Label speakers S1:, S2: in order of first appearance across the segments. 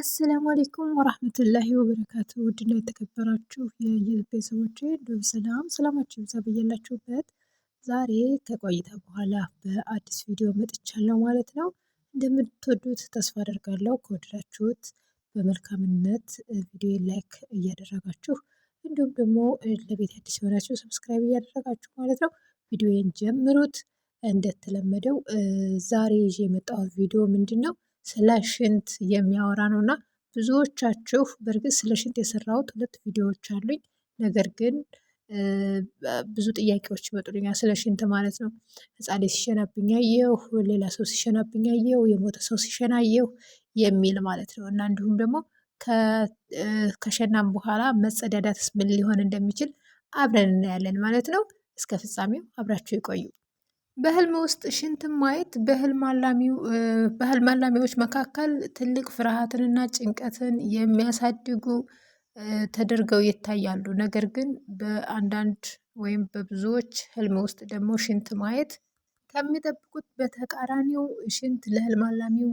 S1: አሰላሙ አሌይኩም ወራህመቱላሂ ወበረካቱ ውድና የተከበራችሁ የዩት ቤተሰቦች እንዲሁም ሰላም ሰላማችሁ ይብዛ ብያላችሁበት። ዛሬ ከቆይታ በኋላ በአዲስ ቪዲዮ መጥቻለሁ ማለት ነው። እንደምትወዱት ተስፋ አደርጋለሁ። ከወደዳችሁት በመልካምነት ቪዲዮ ላይክ እያደረጋችሁ እንዲሁም ደግሞ ለቤት አዲስ የሆናችሁ ሰብስክራይብ እያደረጋችሁ ማለት ነው ቪዲዮን ጀምሩት። እንደተለመደው ዛሬ ይዤ የመጣሁት ቪዲዮ ምንድን ነው? ስለ ሽንት የሚያወራ ነው እና ብዙዎቻችሁ በእርግጥ ስለ ሽንት የሰራሁት ሁለት ቪዲዮዎች አሉኝ። ነገር ግን ብዙ ጥያቄዎች ይመጡልኛል ስለ ሽንት ማለት ነው። ሕፃን ሲሸናብኝ አየሁ፣ ሌላ ሰው ሲሸናብኝ አየሁ፣ የሞተ ሰው ሲሸና አየሁ የሚል ማለት ነው እና እንዲሁም ደግሞ ከሸናም በኋላ መጸዳዳትስ ምን ሊሆን እንደሚችል አብረን እናያለን ማለት ነው። እስከ ፍጻሜው አብራችሁ ይቆዩ። በህልም ውስጥ ሽንትን ማየት በህልም አላሚው አላሚዎች መካከል ትልቅ ፍርሃትንና ጭንቀትን የሚያሳድጉ ተደርገው ይታያሉ። ነገር ግን በአንዳንድ ወይም በብዙዎች ህልም ውስጥ ደግሞ ሽንት ማየት ከሚጠብቁት በተቃራኒው ሽንት ለህልም አላሚው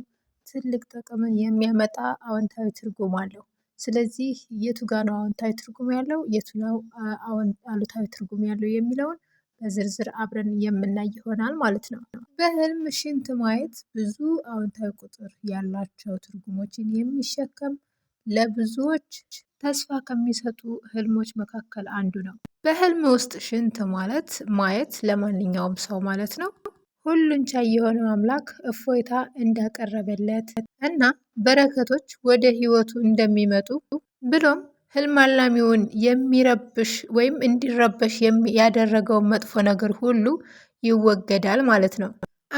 S1: ትልቅ ጥቅምን የሚያመጣ አዎንታዊ ትርጉም አለው። ስለዚህ የቱ ነው አዎንታዊ ትርጉም ያለው የቱ ነው አሉታዊ ትርጉም ያለው የሚለውን በዝርዝር አብረን የምናይ ይሆናል ማለት ነው። በህልም ሽንት ማየት ብዙ አዎንታዊ ቁጥር ያላቸው ትርጉሞችን የሚሸከም ለብዙዎች ተስፋ ከሚሰጡ ህልሞች መካከል አንዱ ነው። በህልም ውስጥ ሽንት ማለት ማየት ለማንኛውም ሰው ማለት ነው ሁሉን ቻይ የሆነው አምላክ እፎይታ እንዳቀረበለት እና በረከቶች ወደ ህይወቱ እንደሚመጡ ብሎም ህልም አላሚውን የሚረብሽ ወይም እንዲረበሽ ያደረገውን መጥፎ ነገር ሁሉ ይወገዳል ማለት ነው።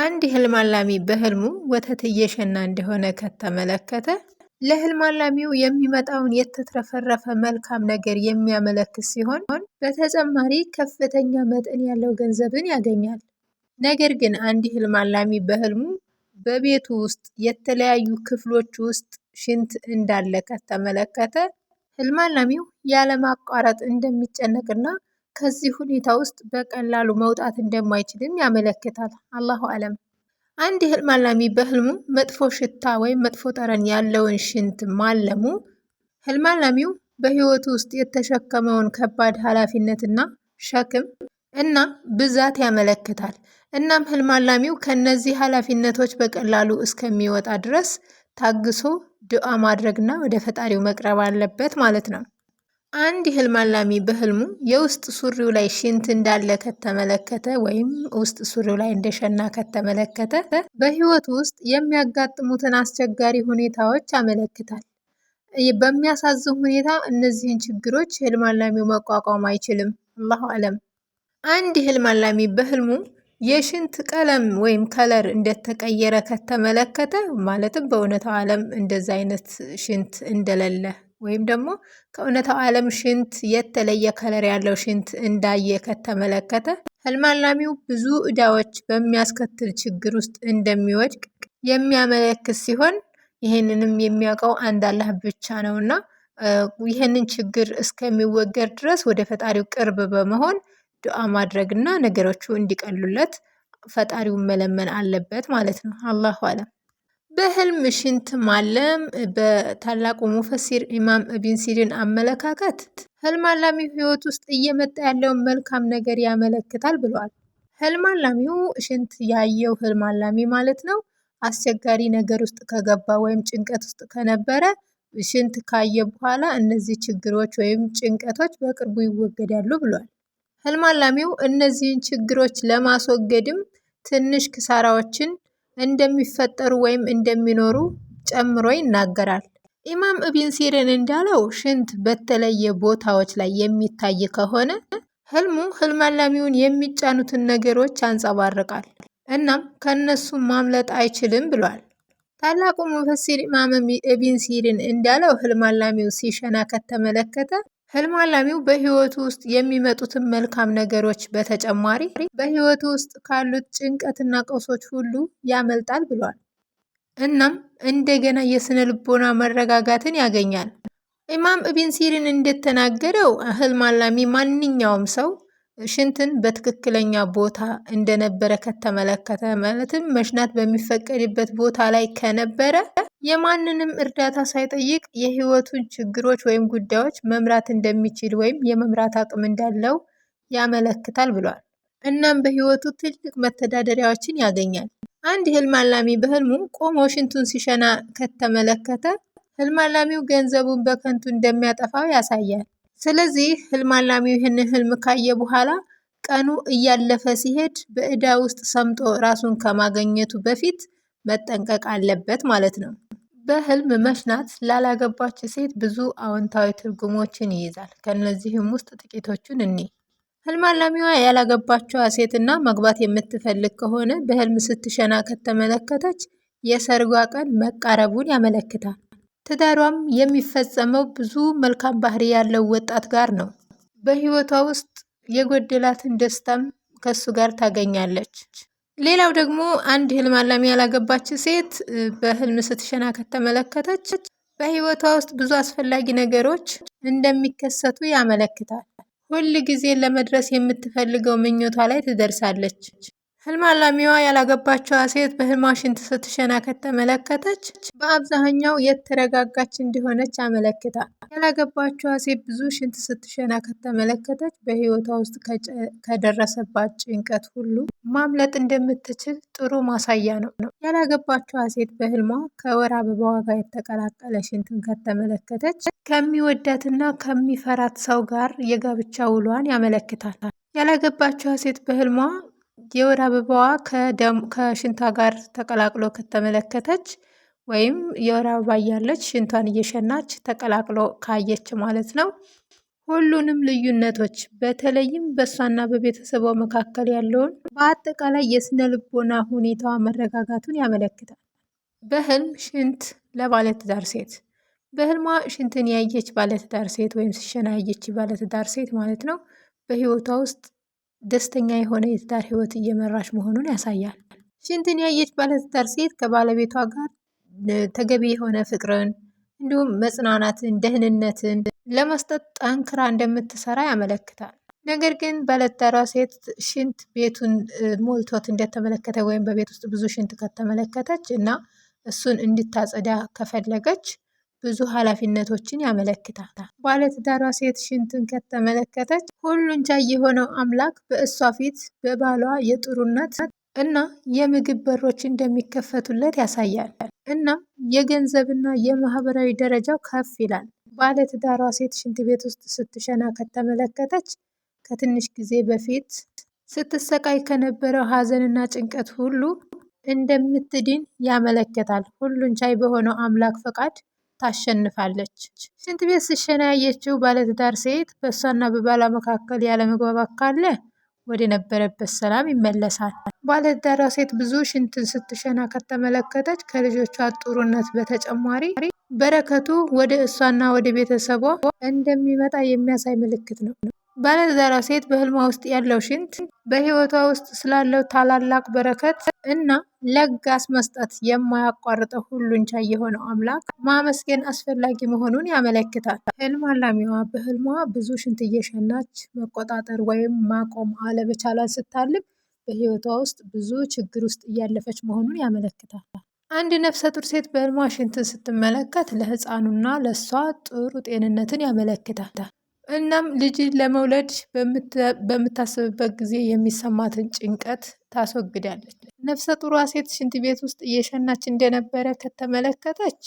S1: አንድ ህልም አላሚ በህልሙ ወተት እየሸና እንደሆነ ከተመለከተ ለህልም አላሚው የሚመጣውን የተትረፈረፈ መልካም ነገር የሚያመለክት ሲሆን በተጨማሪ ከፍተኛ መጠን ያለው ገንዘብን ያገኛል። ነገር ግን አንድ ህልም አላሚ በህልሙ በቤቱ ውስጥ የተለያዩ ክፍሎች ውስጥ ሽንት እንዳለ ከተመለከተ ህልማላሚው ያለማቋረጥ እንደሚጨነቅና ከዚህ ሁኔታ ውስጥ በቀላሉ መውጣት እንደማይችልም ያመለክታል። አላሁ አለም። አንድ ህልማላሚ በህልሙ መጥፎ ሽታ ወይም መጥፎ ጠረን ያለውን ሽንት ማለሙ ህልማላሚው በህይወቱ ውስጥ የተሸከመውን ከባድ ኃላፊነትና ሸክም እና ብዛት ያመለክታል። እናም ህልማላሚው ከነዚህ ኃላፊነቶች በቀላሉ እስከሚወጣ ድረስ ታግሶ ዱዓ ማድረግና ወደ ፈጣሪው መቅረብ አለበት ማለት ነው። አንድ ህልም አላሚ በህልሙ የውስጥ ሱሪው ላይ ሽንት እንዳለ ከተመለከተ ወይም ውስጥ ሱሪው ላይ እንደሸና ከተመለከተ በህይወት ውስጥ የሚያጋጥሙትን አስቸጋሪ ሁኔታዎች ያመለክታል። በሚያሳዝን ሁኔታ እነዚህን ችግሮች ህልም አላሚው መቋቋም አይችልም። አላሁ አለም። አንድ ህልም አላሚ በህልሙ የሽንት ቀለም ወይም ከለር እንደተቀየረ ከተመለከተ ማለትም በእውነታው ዓለም እንደዛ አይነት ሽንት እንደሌለ ወይም ደግሞ ከእውነታው ዓለም ሽንት የተለየ ከለር ያለው ሽንት እንዳየ ከተመለከተ ህልማላሚው ብዙ እዳዎች በሚያስከትል ችግር ውስጥ እንደሚወድቅ የሚያመለክት ሲሆን ይህንንም የሚያውቀው አንድ አላህ ብቻ ነውና ይህንን ችግር እስከሚወገድ ድረስ ወደ ፈጣሪው ቅርብ በመሆን ዱዓ ማድረግና ነገሮቹ እንዲቀሉለት ፈጣሪውን መለመን አለበት ማለት ነው። አላሁ አለም። በህልም ሽንት ማለም በታላቁ ሙፈሲር ኢማም እቢን ሲሪን አመለካከት ህልም አላሚው ህይወት ውስጥ እየመጣ ያለውን መልካም ነገር ያመለክታል ብለዋል። ህልም አላሚው ሽንት ያየው ህልም አላሚ ማለት ነው አስቸጋሪ ነገር ውስጥ ከገባ ወይም ጭንቀት ውስጥ ከነበረ ሽንት ካየ በኋላ እነዚህ ችግሮች ወይም ጭንቀቶች በቅርቡ ይወገዳሉ ብሏል። ህልም አላሚው እነዚህን ችግሮች ለማስወገድም ትንሽ ክሳራዎችን እንደሚፈጠሩ ወይም እንደሚኖሩ ጨምሮ ይናገራል። ኢማም እብን ሲሪን እንዳለው ሽንት በተለየ ቦታዎች ላይ የሚታይ ከሆነ ህልሙ ህልም አላሚውን የሚጫኑትን ነገሮች ያንጸባርቃል፣ እናም ከነሱም ማምለጥ አይችልም ብሏል። ታላቁ ሙፈሲር ኢማም እቢን ሲሪን እንዳለው ህልም አላሚው ሲሸና ከተመለከተ ህልም አላሚው በህይወቱ ውስጥ የሚመጡትን መልካም ነገሮች በተጨማሪ በህይወቱ ውስጥ ካሉት ጭንቀትና ቀውሶች ሁሉ ያመልጣል ብሏል። እናም እንደገና የስነ ልቦና መረጋጋትን ያገኛል። ኢማም ኢብን ሲሪን እንደተናገረው ህልም አላሚ ማንኛውም ሰው ሽንትን በትክክለኛ ቦታ እንደነበረ ከተመለከተ፣ ማለትም መሽናት በሚፈቀድበት ቦታ ላይ ከነበረ የማንንም እርዳታ ሳይጠይቅ የህይወቱን ችግሮች ወይም ጉዳዮች መምራት እንደሚችል ወይም የመምራት አቅም እንዳለው ያመለክታል ብሏል። እናም በህይወቱ ትልቅ መተዳደሪያዎችን ያገኛል። አንድ ህልም አላሚ በህልሙ ቆሞ ሽንቱን ሲሸና ከተመለከተ ህልም አላሚው ገንዘቡን በከንቱ እንደሚያጠፋው ያሳያል። ስለዚህ ህልም አላሚው ይህንን ህልም ካየ በኋላ ቀኑ እያለፈ ሲሄድ በዕዳ ውስጥ ሰምጦ ራሱን ከማገኘቱ በፊት መጠንቀቅ አለበት ማለት ነው። በህልም መሽናት ላላገባች ሴት ብዙ አዎንታዊ ትርጉሞችን ይይዛል። ከእነዚህም ውስጥ ጥቂቶቹን እኒ ህልም አላሚዋ ያላገባችዋ ሴትና መግባት የምትፈልግ ከሆነ በህልም ስትሸና ከተመለከተች የሰርጓ ቀን መቃረቡን ያመለክታል። ትዳሯም የሚፈጸመው ብዙ መልካም ባህሪ ያለው ወጣት ጋር ነው። በህይወቷ ውስጥ የጎደላትን ደስታም ከሱ ጋር ታገኛለች። ሌላው ደግሞ አንድ ህልም አላሚ ያላገባች ሴት በህልም ስትሸና ከተመለከተች በህይወቷ ውስጥ ብዙ አስፈላጊ ነገሮች እንደሚከሰቱ ያመለክታል። ሁል ጊዜ ለመድረስ የምትፈልገው ምኞቷ ላይ ትደርሳለች። ህልም አላሚዋ ያላገባችዋ ሴት በህልሟ ሽንት ስትሸና ከተመለከተች በአብዛኛው የተረጋጋች እንደሆነች ያመለክታል። ያላገባችዋ ሴት ብዙ ሽንት ስትሸና ከተመለከተች በህይወቷ ውስጥ ከደረሰባት ጭንቀት ሁሉ ማምለጥ እንደምትችል ጥሩ ማሳያ ነው። ያላገባቸው ሴት በህልሟ ከወር አበባዋ ጋር የተቀላቀለ ሽንትን ከተመለከተች ከሚወዳትና ከሚፈራት ሰው ጋር የጋብቻ ውሏን ያመለክታል። ያላገባቸው ሴት በህልሟ የወር አበባዋ ከሽንቷ ጋር ተቀላቅሎ ከተመለከተች ወይም የወር አበባ እያለች ሽንቷን እየሸናች ተቀላቅሎ ካየች ማለት ነው። ሁሉንም ልዩነቶች በተለይም በእሷና በቤተሰቧ መካከል ያለውን በአጠቃላይ የስነ ልቦና ሁኔታዋ መረጋጋቱን ያመለክታል። በህልም ሽንት ለባለትዳር ሴት በህልሟ ሽንትን ያየች ባለትዳር ሴት ወይም ሲሸና ያየች ባለትዳር ሴት ማለት ነው በህይወቷ ውስጥ ደስተኛ የሆነ የትዳር ህይወት እየመራች መሆኑን ያሳያል። ሽንትን ያየች ባለትዳር ሴት ከባለቤቷ ጋር ተገቢ የሆነ ፍቅርን እንዲሁም መጽናናትን፣ ደህንነትን ለመስጠት ጠንክራ እንደምትሰራ ያመለክታል። ነገር ግን ባለትዳሯ ሴት ሽንት ቤቱን ሞልቶት እንደተመለከተ ወይም በቤት ውስጥ ብዙ ሽንት ከተመለከተች እና እሱን እንድታጸዳ ከፈለገች ብዙ ኃላፊነቶችን ያመለክታታል። ባለትዳሯ ሴት ሽንትን ከተመለከተች ሁሉን ቻይ የሆነው አምላክ በእሷ ፊት በባሏ የጥሩነት እና የምግብ በሮች እንደሚከፈቱለት ያሳያል። እናም የገንዘብና የማህበራዊ ደረጃው ከፍ ይላል። ባለትዳሯ ሴት ሽንት ቤት ውስጥ ስትሸና ከተመለከተች ከትንሽ ጊዜ በፊት ስትሰቃይ ከነበረው ሀዘንና ጭንቀት ሁሉ እንደምትድን ያመለከታል። ሁሉን ቻይ በሆነው አምላክ ፈቃድ ታሸንፋለች። ሽንት ቤት ስትሸና ያየችው ባለትዳር ሴት በእሷና በባሏ መካከል ያለመግባባት ካለ ወደ ነበረበት ሰላም ይመለሳል። ባለትዳሯ ሴት ብዙ ሽንትን ስትሸና ከተመለከተች ከልጆቿ ጥሩነት በተጨማሪ በረከቱ ወደ እሷና ወደ ቤተሰቧ እንደሚመጣ የሚያሳይ ምልክት ነው። ባለትዳሯ ሴት በህልሟ ውስጥ ያለው ሽንት በህይወቷ ውስጥ ስላለው ታላላቅ በረከት እና ለጋስ መስጠት የማያቋርጠው ሁሉን ቻይ የሆነው አምላክ ማመስገን አስፈላጊ መሆኑን ያመለክታል። ህልም አላሚዋ በህልሟ ብዙ ሽንት እየሸናች መቆጣጠር ወይም ማቆም አለመቻሏን ስታልም በህይወቷ ውስጥ ብዙ ችግር ውስጥ እያለፈች መሆኑን ያመለክታል። አንድ ነፍሰ ጡር ሴት በህልሟ ሽንትን ስትመለከት ለህፃኑና ለእሷ ጥሩ ጤንነትን ያመለክታል። እናም ልጅ ለመውለድ በምታስብበት ጊዜ የሚሰማትን ጭንቀት ታስወግዳለች። ነፍሰ ጡሯ ሴት ሽንት ቤት ውስጥ እየሸናች እንደነበረ ከተመለከተች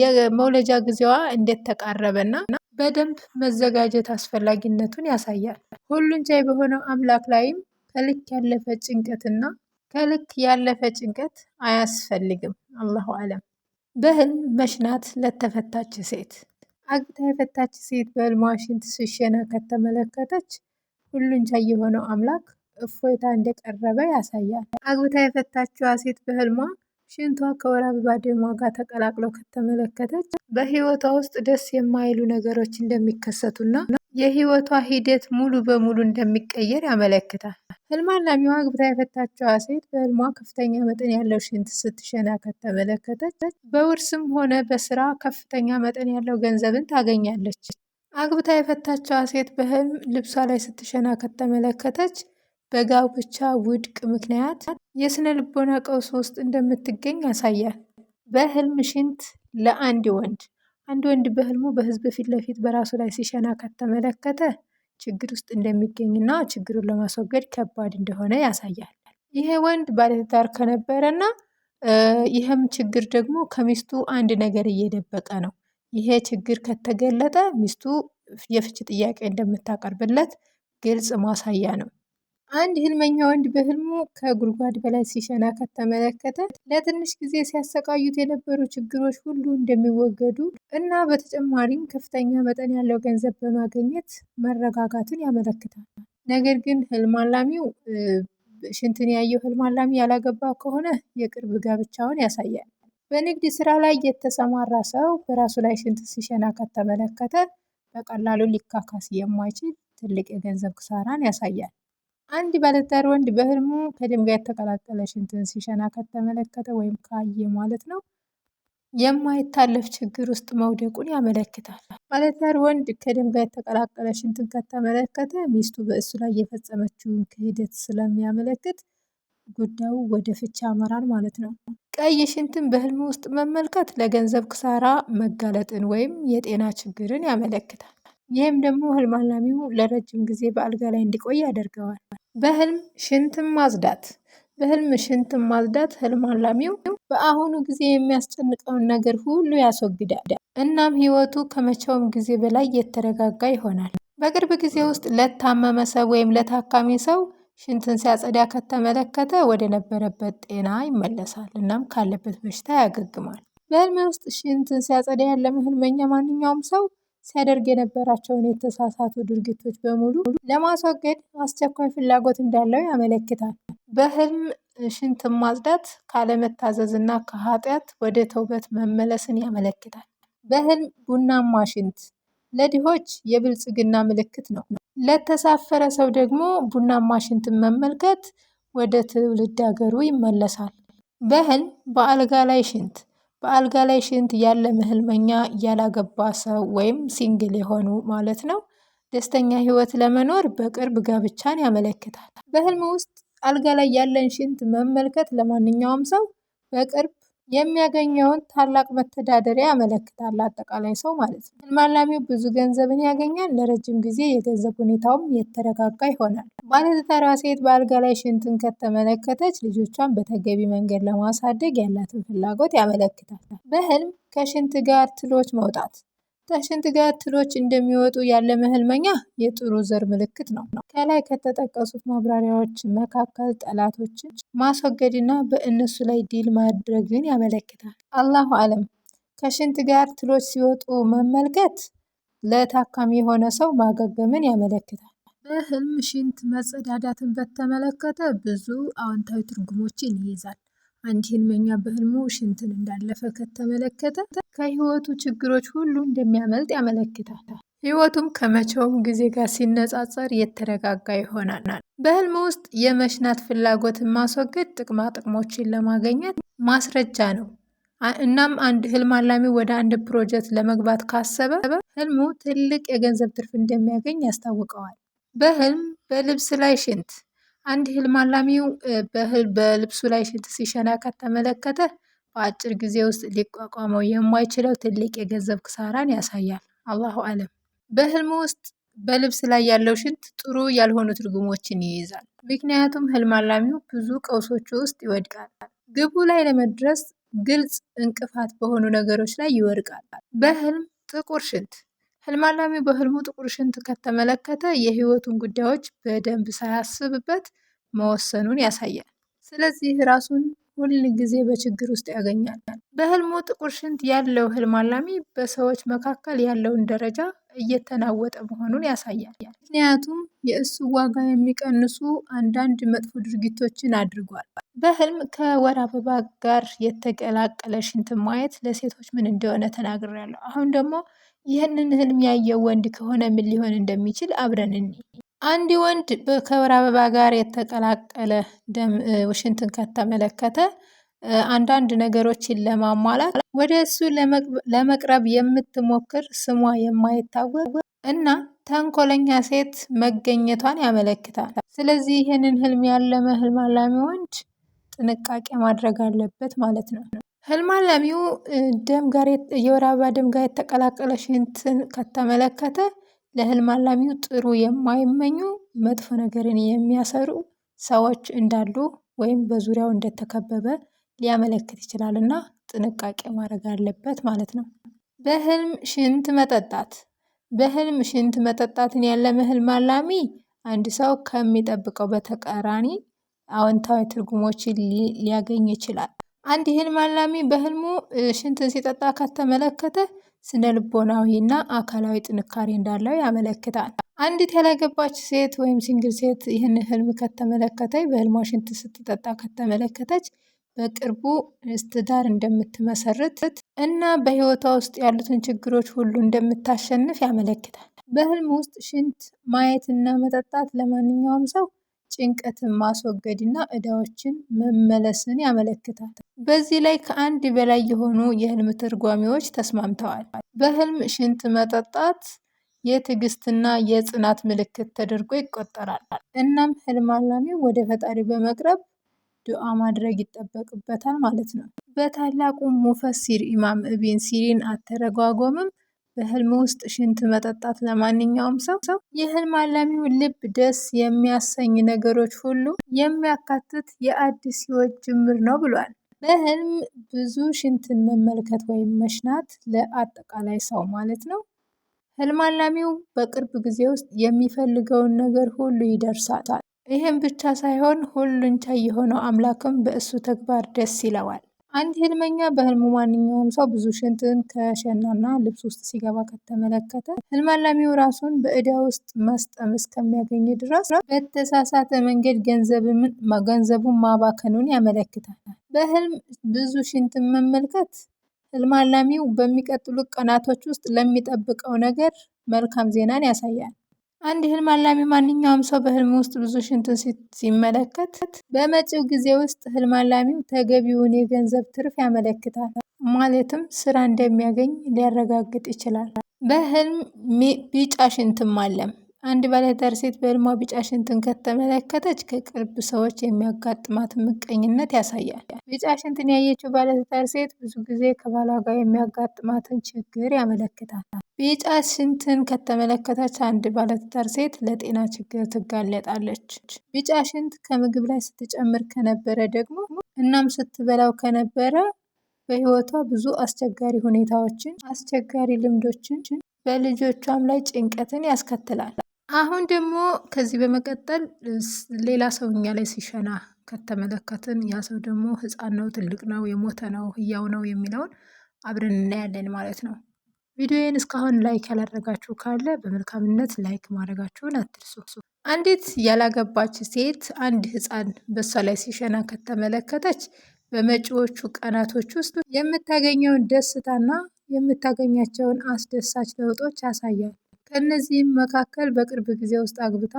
S1: የመውለጃ ጊዜዋ እንዴት ተቃረበና በደንብ መዘጋጀት አስፈላጊነቱን ያሳያል። ሁሉን ቻይ በሆነው አምላክ ላይም ከልክ ያለፈ ጭንቀትና ከልክ ያለፈ ጭንቀት አያስፈልግም። አላሁ አለም። በህልም መሽናት ለተፈታች ሴት አግብታ የፈታች ሴት በሕልሟ ሽንት ከተመለከተች ሁሉን ቻይ የሆነው አምላክ እፎይታ እንደቀረበ ያሳያል። አግብታ የፈታችዋ ሴት በህልሟ ሽንቷ ከወር አበባ ደሟ ጋር ተቀላቅሎ ከተመለከተች በህይወቷ ውስጥ ደስ የማይሉ ነገሮች እንደሚከሰቱና የህይወቷ ሂደት ሙሉ በሙሉ እንደሚቀየር ያመለክታል። ህልማላሚዋ አግብታ የፈታችዋ ሴት በህልሟ ከፍተኛ መጠን ያለው ሽንት ስትሸና ከተመለከተች በውርስም ሆነ በስራ ከፍተኛ መጠን ያለው ገንዘብን ታገኛለች። አግብታ የፈታችዋ ሴት በህልም ልብሷ ላይ ስትሸና ከተመለከተች በጋብቻ ውድቅ ምክንያት የስነ ልቦና ቀውስ ውስጥ እንደምትገኝ ያሳያል። በህልም ሽንት ለአንድ ወንድ አንድ ወንድ በህልሙ በህዝብ ፊት ለፊት በራሱ ላይ ሲሸና ከተመለከተ ችግር ውስጥ እንደሚገኝና ችግሩን ለማስወገድ ከባድ እንደሆነ ያሳያል። ይሄ ወንድ ባለትዳር ከነበረና ይህም ችግር ደግሞ ከሚስቱ አንድ ነገር እየደበቀ ነው። ይሄ ችግር ከተገለጠ ሚስቱ የፍች ጥያቄ እንደምታቀርብለት ግልጽ ማሳያ ነው። አንድ ህልመኛ ወንድ በህልሙ ከጉድጓድ በላይ ሲሸና ከተመለከተ ለትንሽ ጊዜ ሲያሰቃዩት የነበሩ ችግሮች ሁሉ እንደሚወገዱ እና በተጨማሪም ከፍተኛ መጠን ያለው ገንዘብ በማግኘት መረጋጋትን ያመለክታል። ነገር ግን ህልም አላሚው ሽንትን ያየው ህልም አላሚ ያላገባ ከሆነ የቅርብ ጋብቻውን ያሳያል። በንግድ ስራ ላይ የተሰማራ ሰው በራሱ ላይ ሽንት ሲሸና ከተመለከተ በቀላሉ ሊካካስ የማይችል ትልቅ የገንዘብ ክሳራን ያሳያል። አንድ ባለትዳር ወንድ በህልሙ ከደም ጋር የተቀላቀለ ሽንትን ሲሸና ከተመለከተ ወይም ካየ ማለት ነው የማይታለፍ ችግር ውስጥ መውደቁን ያመለክታል። ባለትዳር ወንድ ከደም ጋር የተቀላቀለ ሽንትን ከተመለከተ ሚስቱ በእሱ ላይ የፈጸመችውን ክህደት ስለሚያመለክት ጉዳዩ ወደ ፍቻ ያመራል ማለት ነው። ቀይ ሽንትን በህልም ውስጥ መመልከት ለገንዘብ ክሳራ መጋለጥን ወይም የጤና ችግርን ያመለክታል። ይህም ደግሞ ህልም አላሚው ለረጅም ጊዜ በአልጋ ላይ እንዲቆይ ያደርገዋል። በህልም ሽንትም ማጽዳት በህልም ሽንትም ማጽዳት ህልም አላሚው በአሁኑ ጊዜ የሚያስጨንቀውን ነገር ሁሉ ያስወግዳል። እናም ህይወቱ ከመቼውም ጊዜ በላይ የተረጋጋ ይሆናል። በቅርብ ጊዜ ውስጥ ለታመመ ሰው ወይም ለታካሚ ሰው ሽንትን ሲያጸዳ ከተመለከተ ወደ ነበረበት ጤና ይመለሳል። እናም ካለበት በሽታ ያገግማል። በህልም ውስጥ ሽንትን ሲያጸዳ ያለመ ህልመኛ ማንኛውም ሰው ሲያደርግ የነበራቸውን የተሳሳቱ ድርጊቶች በሙሉ ለማስወገድ አስቸኳይ ፍላጎት እንዳለው ያመለክታል። በህልም ሽንት ማጽዳት ካለመታዘዝና ከኃጢአት ወደ ተውበት መመለስን ያመለክታል። በህልም ቡናማ ሽንት ለድሆች የብልጽግና ምልክት ነው። ለተሳፈረ ሰው ደግሞ ቡናማ ሽንትን መመልከት ወደ ትውልድ ሀገሩ ይመለሳል። በህልም በአልጋ ላይ ሽንት በአልጋ ላይ ሽንት ያለ ህልመኛ ያላገባ ሰው ወይም ሲንግል የሆኑ ማለት ነው ደስተኛ ህይወት ለመኖር በቅርብ ጋብቻን ያመለክታል። በህልም ውስጥ አልጋ ላይ ያለን ሽንት መመልከት ለማንኛውም ሰው በቅርብ የሚያገኘውን ታላቅ መተዳደሪያ ያመለክታል። አጠቃላይ ሰው ማለት ነው። ህልም አላሚው ብዙ ገንዘብን ያገኛል። ለረጅም ጊዜ የገንዘብ ሁኔታውም የተረጋጋ ይሆናል። ባለትዳሯ ሴት በአልጋ ላይ ሽንትን ከተመለከተች ልጆቿን በተገቢ መንገድ ለማሳደግ ያላትን ፍላጎት ያመለክታል። በህልም ከሽንት ጋር ትሎች መውጣት ከሽንት ትሎች እንደሚወጡ ያለ መህልመኛ የጥሩ ዘር ምልክት ነው። ከላይ ከተጠቀሱት ማብራሪያዎች መካከል ጠላቶችን ማስወገድና በእነሱ ላይ ድል ማድረግን ያመለክታል። አላሁ አለም ከሽንት ጋር ትሎች ሲወጡ መመልከት ለታካሚ የሆነ ሰው ማገገምን ያመለክታል። በህልም ሽንት መጸዳዳትን በተመለከተ ብዙ አዎንታዊ ትርጉሞችን ይይዛል። አንድ ህልመኛ በህልሙ ሽንትን እንዳለፈ ከተመለከተ ከህይወቱ ችግሮች ሁሉ እንደሚያመልጥ ያመለክታል። ህይወቱም ከመቼውም ጊዜ ጋር ሲነጻጸር የተረጋጋ ይሆናል። በህልም ውስጥ የመሽናት ፍላጎትን ማስወገድ ጥቅማ ጥቅሞችን ለማገኘት ማስረጃ ነው። እናም አንድ ህልም አላሚ ወደ አንድ ፕሮጀክት ለመግባት ካሰበ ህልሙ ትልቅ የገንዘብ ትርፍ እንደሚያገኝ ያስታውቀዋል። በህልም በልብስ ላይ ሽንት አንድ ህልም አላሚው በልብሱ ላይ ሽንት ሲሸና ተመለከተ። በአጭር ጊዜ ውስጥ ሊቋቋመው የማይችለው ትልቅ የገንዘብ ክሳራን ያሳያል። አላሁ አለም። በህልም ውስጥ በልብስ ላይ ያለው ሽንት ጥሩ ያልሆኑ ትርጉሞችን ይይዛል። ምክንያቱም ህልም አላሚው ብዙ ቀውሶች ውስጥ ይወድቃል። ግቡ ላይ ለመድረስ ግልጽ እንቅፋት በሆኑ ነገሮች ላይ ይወድቃል። በህልም ጥቁር ሽንት ህልም አላሚው በህልሙ ጥቁር ሽንት ከተመለከተ የህይወቱን ጉዳዮች በደንብ ሳያስብበት መወሰኑን ያሳያል። ስለዚህ ራሱን ሁል ጊዜ በችግር ውስጥ ያገኛል። በህልሙ ጥቁር ሽንት ያለው ህልም አላሚ በሰዎች መካከል ያለውን ደረጃ እየተናወጠ መሆኑን ያሳያል። ምክንያቱም የእሱ ዋጋ የሚቀንሱ አንዳንድ መጥፎ ድርጊቶችን አድርጓል። በህልም ከወር አበባ ጋር የተቀላቀለ ሽንት ማየት ለሴቶች ምን እንደሆነ ተናግሬያለሁ። አሁን ደግሞ ይህንን ህልም ያየው ወንድ ከሆነ ምን ሊሆን እንደሚችል አብረን እኒ አንድ ወንድ ከወር አበባ ጋር የተቀላቀለ ደም ውሽንትን ከተመለከተ አንዳንድ ነገሮችን ለማሟላት ወደ እሱ ለመቅረብ የምትሞክር ስሟ የማይታወቅ እና ተንኮለኛ ሴት መገኘቷን ያመለክታል። ስለዚህ ይህንን ህልም ያለመ ህልም አላሚ ወንድ ጥንቃቄ ማድረግ አለበት ማለት ነው። ህልም አላሚው ደም ጋር የወር አበባ ደም ጋር የተቀላቀለ ሽንትን ከተመለከተ ለህልም አላሚው ጥሩ የማይመኙ መጥፎ ነገርን የሚያሰሩ ሰዎች እንዳሉ ወይም በዙሪያው እንደተከበበ ሊያመለክት ይችላል እና ጥንቃቄ ማድረግ አለበት ማለት ነው። በህልም ሽንት መጠጣት በህልም ሽንት መጠጣትን ያለመ ህልም አላሚ አንድ ሰው ከሚጠብቀው በተቃራኒ አዎንታዊ ትርጉሞችን ሊያገኝ ይችላል። አንድ የህልም አላሚ በህልሙ ሽንትን ሲጠጣ ከተመለከተ ስነ ልቦናዊና አካላዊ ጥንካሬ እንዳለው ያመለክታል። አንዲት ያላገባች ሴት ወይም ሲንግል ሴት ይህን ህልም ከተመለከተ በህልሟ ሽንት ስትጠጣ ከተመለከተች በቅርቡ ትዳር እንደምትመሰርት እና በህይወቷ ውስጥ ያሉትን ችግሮች ሁሉ እንደምታሸንፍ ያመለክታል። በህልም ውስጥ ሽንት ማየት እና መጠጣት ለማንኛውም ሰው ጭንቀትን ማስወገድና እዳዎችን መመለስን ያመለክታል። በዚህ ላይ ከአንድ በላይ የሆኑ የህልም ትርጓሚዎች ተስማምተዋል። በህልም ሽንት መጠጣት የትዕግስትና የጽናት ምልክት ተደርጎ ይቆጠራል። እናም ህልም አላሚው ወደ ፈጣሪ በመቅረብ ዱዓ ማድረግ ይጠበቅበታል ማለት ነው። በታላቁ ሙፈሲር ኢማም እቢን ሲሪን አተረጓጎምም በህልም ውስጥ ሽንት መጠጣት ለማንኛውም ሰው ሰው የህልም አላሚው ልብ ደስ የሚያሰኝ ነገሮች ሁሉ የሚያካትት የአዲስ ህይወት ጅምር ነው ብሏል። በህልም ብዙ ሽንትን መመልከት ወይም መሽናት ለአጠቃላይ ሰው ማለት ነው። ህልም አላሚው በቅርብ ጊዜ ውስጥ የሚፈልገውን ነገር ሁሉ ይደርሳታል። ይህም ብቻ ሳይሆን ሁሉን ቻይ የሆነው አምላክም በእሱ ተግባር ደስ ይለዋል። አንድ ህልመኛ በህልሙ ማንኛውም ሰው ብዙ ሽንትን ከሸናና ልብስ ውስጥ ሲገባ ከተመለከተ ህልም አላሚው ራሱን በእዳ ውስጥ መስጠም እስከሚያገኝ ድረስ በተሳሳተ መንገድ ገንዘቡን ማባከኑን ያመለክታል። በህልም ብዙ ሽንትን መመልከት ህልም አላሚው በሚቀጥሉት ቀናቶች ውስጥ ለሚጠብቀው ነገር መልካም ዜናን ያሳያል። አንድ ህልም አላሚ ማንኛውም ሰው በህልም ውስጥ ብዙ ሽንትን ሲመለከት በመጪው ጊዜ ውስጥ ህልም አላሚው ተገቢውን የገንዘብ ትርፍ ያመለክታል። ማለትም ስራ እንደሚያገኝ ሊያረጋግጥ ይችላል። በህልም ቢጫ ሽንትም አለም። አንድ ባለትዳር ሴት በህልሟ ቢጫ ሽንትን ከተመለከተች ከቅርብ ሰዎች የሚያጋጥማት ምቀኝነት ያሳያል። ቢጫ ሽንትን ያየችው ባለትዳር ሴት ብዙ ጊዜ ከባሏ ጋር የሚያጋጥማትን ችግር ያመለክታል። ቢጫ ሽንትን ከተመለከተች አንድ ባለትዳር ሴት ለጤና ችግር ትጋለጣለች። ቢጫ ሽንት ከምግብ ላይ ስትጨምር ከነበረ ደግሞ እናም ስትበላው ከነበረ በህይወቷ ብዙ አስቸጋሪ ሁኔታዎችን፣ አስቸጋሪ ልምዶችን፣ በልጆቿም ላይ ጭንቀትን ያስከትላል። አሁን ደግሞ ከዚህ በመቀጠል ሌላ ሰው እኛ ላይ ሲሸና ከተመለከትን ያ ሰው ደግሞ ህፃን ነው፣ ትልቅ ነው፣ የሞተ ነው፣ ህያው ነው የሚለውን አብረን እናያለን ማለት ነው። ቪዲዮዬን እስካሁን ላይክ ያላደረጋችሁ ካለ በመልካምነት ላይክ ማድረጋችሁን አትርሱ። አንዲት ያላገባች ሴት አንድ ህፃን በሷ ላይ ሲሸና ከተመለከተች በመጪዎቹ ቀናቶች ውስጥ የምታገኘውን ደስታና የምታገኛቸውን አስደሳች ለውጦች ያሳያል። ከእነዚህም መካከል በቅርብ ጊዜ ውስጥ አግብታ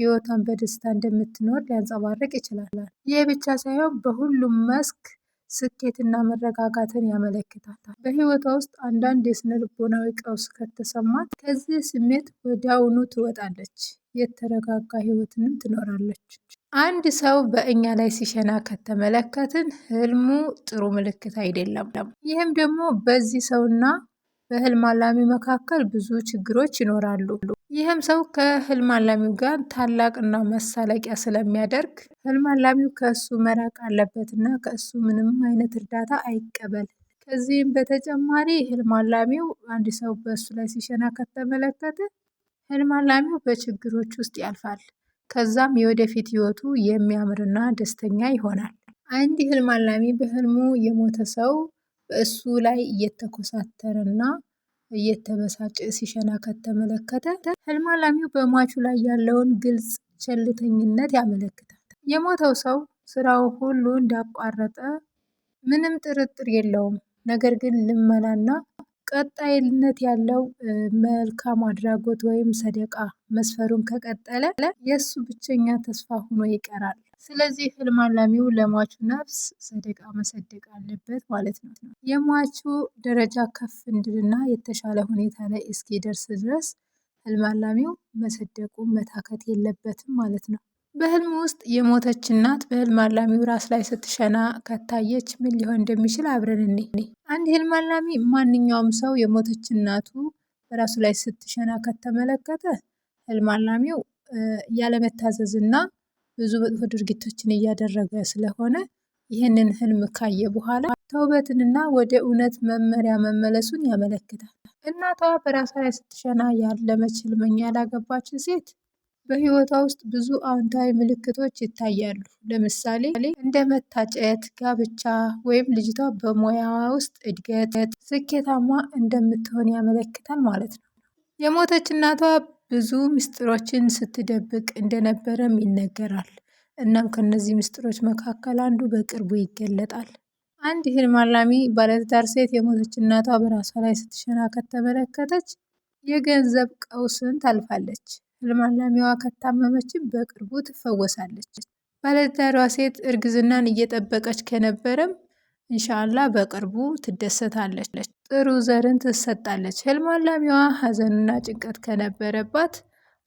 S1: ህይወቷን በደስታ እንደምትኖር ሊያንጸባርቅ ይችላል። ይህ ብቻ ሳይሆን በሁሉም መስክ ስኬትና መረጋጋትን ያመለክታታል። በህይወቷ ውስጥ አንዳንድ የስነ ልቦናዊ ቀውስ ከተሰማት ከዚህ ስሜት ወዲያውኑ ትወጣለች፣ የተረጋጋ ህይወትንም ትኖራለች። አንድ ሰው በእኛ ላይ ሲሸና ከተመለከትን ህልሙ ጥሩ ምልክት አይደለም። ይህም ደግሞ በዚህ ሰውና በህልም አላሚ መካከል ብዙ ችግሮች ይኖራሉ። ይህም ሰው ከህልም አላሚው ጋር ታላቅና መሳለቂያ ስለሚያደርግ ህልም አላሚው ከእሱ መራቅ አለበትና ከእሱ ምንም አይነት እርዳታ አይቀበል። ከዚህም በተጨማሪ ህልም አላሚው አንድ ሰው በእሱ ላይ ሲሸና ከተመለከተ ህልም አላሚው በችግሮች ውስጥ ያልፋል። ከዛም የወደፊት ህይወቱ የሚያምርና ደስተኛ ይሆናል። አንድ ህልም አላሚ በህልሙ የሞተ ሰው በእሱ ላይ እየተኮሳተረና እየተበሳጨ ሲሸና ከተመለከተ ህልም አላሚው በሟቹ ላይ ያለውን ግልጽ ቸልተኝነት ያመለክታል። የሞተው ሰው ስራው ሁሉ እንዳቋረጠ ምንም ጥርጥር የለውም። ነገር ግን ልመናና ቀጣይነት ያለው መልካም አድራጎት ወይም ሰደቃ መስፈሩን ከቀጠለ የእሱ ብቸኛ ተስፋ ሆኖ ይቀራል። ስለዚህ ህልም አላሚው ለሟቹ ነፍስ ሰደቃ መሰደቅ አለበት ማለት ነው። የሟቹ ደረጃ ከፍ እንድልና የተሻለ ሁኔታ ላይ እስኪደርስ ድረስ ህልም አላሚው መሰደቁ መታከት የለበትም ማለት ነው። በህልም ውስጥ የሞተች እናት በህልም አላሚው ራስ ላይ ስትሸና ከታየች ምን ሊሆን እንደሚችል አብረን እንይ። አንድ ህልም አላሚ ማንኛውም ሰው የሞተች እናቱ በራሱ ላይ ስትሸና ከተመለከተ ህልም አላሚው ያለመታዘዝና ብዙ መጥፎ ድርጊቶችን እያደረገ ስለሆነ ይህንን ህልም ካየ በኋላ ተውበትንና ወደ እውነት መመሪያ መመለሱን ያመለክታል። እናቷ በራሷ ላይ ስትሸና ያለመች ህልመኛ ያላገባች ሴት በህይወቷ ውስጥ ብዙ አዎንታዊ ምልክቶች ይታያሉ። ለምሳሌ እንደ መታጨት፣ ጋብቻ ወይም ልጅቷ በሙያዋ ውስጥ እድገት ስኬታማ እንደምትሆን ያመለክታል ማለት ነው። የሞተች እናቷ ብዙ ምስጢሮችን ስትደብቅ እንደነበረም ይነገራል። እናም ከነዚህ ምስጢሮች መካከል አንዱ በቅርቡ ይገለጣል። አንድ ህልም አላሚ ባለትዳር ሴት የሞተች እናቷ በራሷ ላይ ስትሸናከት ተመለከተች። የገንዘብ ቀውስን ታልፋለች። ህልም አላሚዋ ከታመመችም በቅርቡ ትፈወሳለች። ባለትዳሯ ሴት እርግዝናን እየጠበቀች ከነበረም እንሻላ በቅርቡ ትደሰታለች። ጥሩ ዘርን ትሰጣለች። ህልም አላሚዋ ሀዘንና ጭንቀት ከነበረባት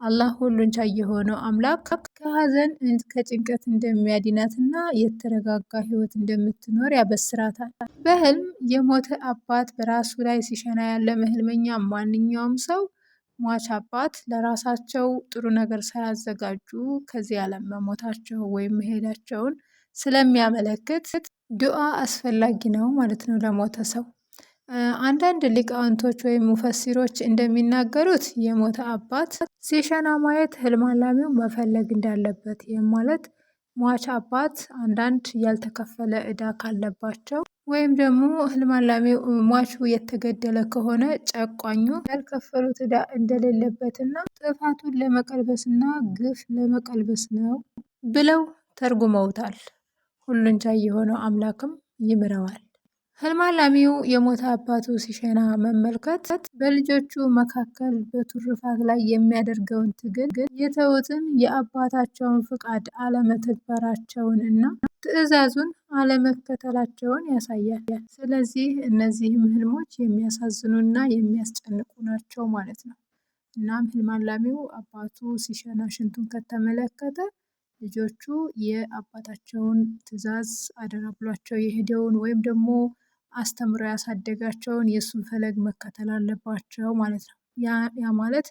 S1: አላህ ሁሉን ቻይ የሆነው አምላክ ከሀዘን ከጭንቀት እንደሚያድናትና የተረጋጋ ህይወት እንደምትኖር ያበስራታል። በህልም የሞተ አባት በራሱ ላይ ሲሸና ያለ ህልመኛ ማንኛውም ሰው ሟች አባት ለራሳቸው ጥሩ ነገር ሳያዘጋጁ ከዚህ ዓለም መሞታቸው ወይም መሄዳቸውን ስለሚያመለክት ዱዓ አስፈላጊ ነው ማለት ነው ለሞተ ሰው። አንዳንድ ሊቃውንቶች ወይም ሙፈሲሮች እንደሚናገሩት የሞተ አባት ሲሸና ማየት ህልም አላሚው መፈለግ እንዳለበት ይህም ማለት ሟች አባት አንዳንድ ያልተከፈለ እዳ ካለባቸው ወይም ደግሞ ህልም አላሚው ሟቹ የተገደለ ከሆነ ጨቋኙ ያልከፈሉት ዕዳ እንደሌለበትና ጥፋቱን ለመቀልበስና ግፍ ለመቀልበስ ነው ብለው ተርጉመውታል። ሁሉን ቻይ የሆነው አምላክም ይምረዋል። ህልም አላሚው የሞተ አባቱ ሲሸና መመልከት በልጆቹ መካከል በትሩፋት ላይ የሚያደርገውን ትግል የተውትን የአባታቸውን ፍቃድ አለመተግበራቸውን እና ትዕዛዙን አለመከተላቸውን ያሳያል። ስለዚህ እነዚህም ህልሞች የሚያሳዝኑና የሚያስጨንቁ ናቸው ማለት ነው። እናም ህልም አላሚው አባቱ ሲሸና ሽንቱን ከተመለከተ ልጆቹ የአባታቸውን ትዕዛዝ አደራ ብሏቸው የሄደውን ወይም ደግሞ አስተምሮ ያሳደጋቸውን የእሱን ፈለግ መከተል አለባቸው ማለት ነው። ያ ማለት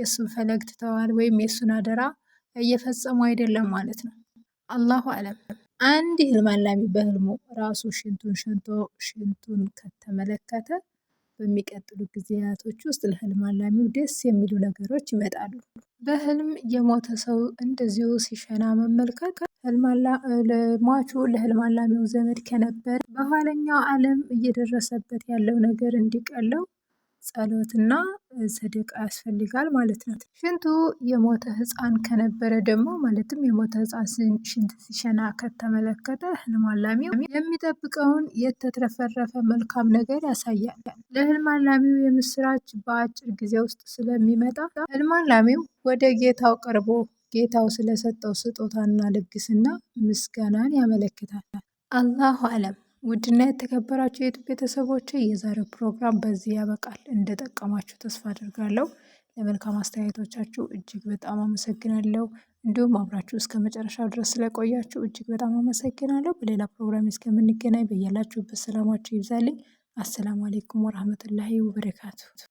S1: የእሱን ፈለግ ትተዋል ወይም የእሱን አደራ እየፈጸሙ አይደለም ማለት ነው። አላሁ አለም። አንድ ህልም አላሚ በህልሙ ራሱ ሽንቱን ሽንቶ ሽንቱን ከተመለከተ በሚቀጥሉ ጊዜያቶች ውስጥ ለህልም አላሚው ደስ የሚሉ ነገሮች ይመጣሉ። በህልም የሞተ ሰው እንደዚሁ ሲሸና መመልከት ለሟቹ ለህልማላሚው ዘመድ ከነበር በኋለኛው ዓለም እየደረሰበት ያለው ነገር እንዲቀለው ጸሎትና ሰደቃ ያስፈልጋል ማለት ነው። ሽንቱ የሞተ ህፃን ከነበረ ደግሞ ማለትም የሞተ ህፃን ሽንት ሲሸና ከተመለከተ ህልም አላሚው የሚጠብቀውን የተትረፈረፈ መልካም ነገር ያሳያል። ለህልም አላሚው የምስራች በአጭር ጊዜ ውስጥ ስለሚመጣ ህልም አላሚው ወደ ጌታው ቀርቦ ጌታው ስለሰጠው ስጦታና ልግስና ምስጋናን ያመለክታል። አላሁ አለም ውድና የተከበራችሁ የዩቱብ ቤተሰቦች የዛሬው ፕሮግራም በዚህ ያበቃል። እንደጠቀማችሁ ተስፋ አድርጋለሁ። ለመልካም አስተያየቶቻችሁ እጅግ በጣም አመሰግናለሁ። እንዲሁም አብራችሁ እስከ መጨረሻው ድረስ ስለቆያችሁ እጅግ በጣም አመሰግናለሁ። በሌላ ፕሮግራም እስከምንገናኝ በያላችሁበት ሰላማችሁ ይብዛልኝ። አሰላሙ አሌይኩም ወረህመቱላሂ ወበረካቱ።